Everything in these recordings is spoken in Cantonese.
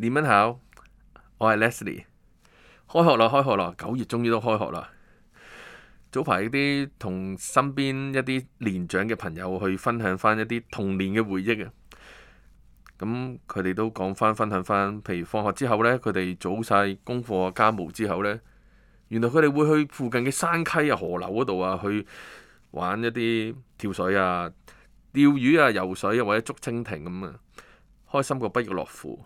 點樣考？我係 Leslie。開學啦，開學啦！九月終於都開學啦。早排啲同身邊一啲年長嘅朋友去分享翻一啲童年嘅回憶啊。咁佢哋都講翻，分享翻，譬如放學之後咧，佢哋做晒功課、家務之後咧，原來佢哋會去附近嘅山溪啊、河流嗰度啊，去玩一啲跳水啊、釣魚啊、游水啊，或者捉蜻蜓咁啊，開心過不亦樂乎。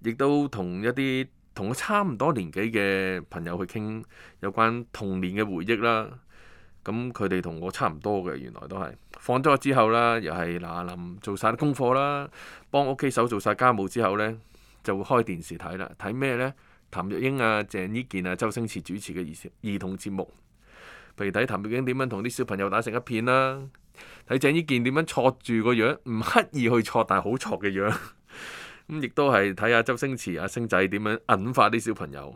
亦都同一啲同我差唔多年紀嘅朋友去傾有關童年嘅回憶啦。咁佢哋同我差唔多嘅，原來都係放咗學之後啦，又係嗱嗱臨做晒啲功課啦，幫屋企手做晒家務之後咧，就會開電視睇啦。睇咩咧？譚玉英啊、鄭伊健啊、周星馳主持嘅兒兒童節目，譬如睇譚玉英點樣同啲小朋友打成一片啦，睇鄭伊健點樣挫住個樣，唔刻意去挫，但係好挫嘅樣。咁亦都係睇下周星馳阿星仔點樣引發啲小朋友。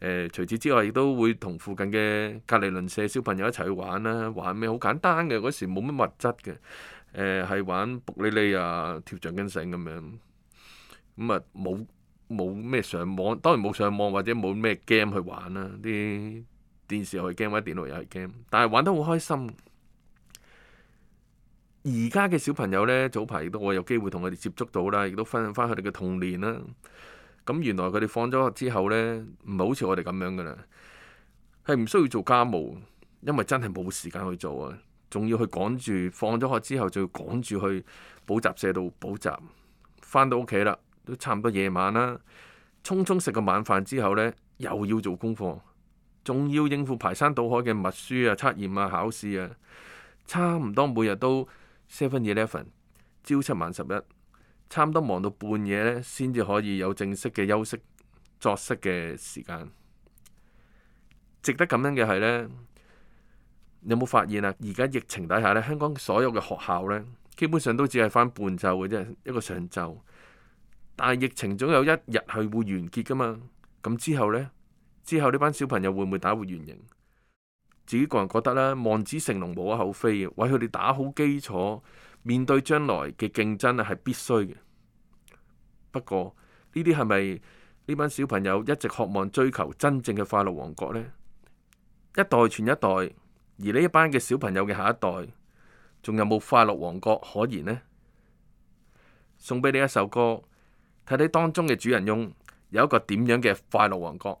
誒、呃，除此之外，亦都會同附近嘅隔離鄰舍小朋友一齊去玩啦。玩咩？好簡單嘅，嗰時冇乜物質嘅。誒、呃，係玩卜哩哩啊，跳橡筋繩咁樣。咁啊，冇冇咩上網，當然冇上網或者冇咩 game 去玩啦。啲電視又係 game，或者電腦又係 game，但係玩得好開心。而家嘅小朋友呢，早排亦都我有機會同佢哋接觸到啦，亦都分享翻佢哋嘅童年啦。咁原來佢哋放咗學之後呢，唔係好似我哋咁樣噶啦，係唔需要做家務，因為真係冇時間去做啊。仲要去趕住放咗學之後，就要趕住去補習社度補習。翻到屋企啦，都差唔多夜晚啦，匆匆食個晚飯之後呢，又要做功課，仲要應付排山倒海嘅默書啊、測驗啊、考試啊，差唔多每日都。Seven Eleven，朝七晚十一，差唔多忙到半夜咧，先至可以有正式嘅休息作息嘅時間。值得感恩嘅係咧，有冇發現啊？而家疫情底下咧，香港所有嘅學校咧，基本上都只係翻半晝嘅啫，一個上晝。但係疫情總有一日係會完結噶嘛？咁之後咧，之後呢班小朋友會唔會打回原形？自己個人覺得咧，望子成龍無可厚非，為佢哋打好基礎，面對將來嘅競爭咧係必須嘅。不過呢啲係咪呢班小朋友一直渴望追求真正嘅快樂王國呢？一代傳一代，而呢一班嘅小朋友嘅下一代，仲有冇快樂王國可言呢？送俾你一首歌，睇睇當中嘅主人翁有一個點樣嘅快樂王國。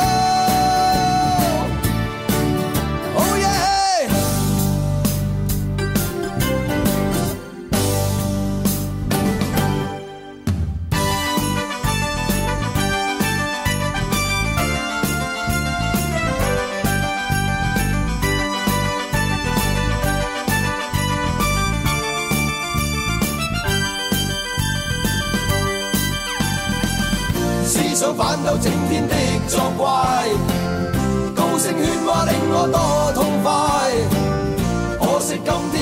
想反斗整天的作怪，高聲喧嘩令我多痛快，可惜今天。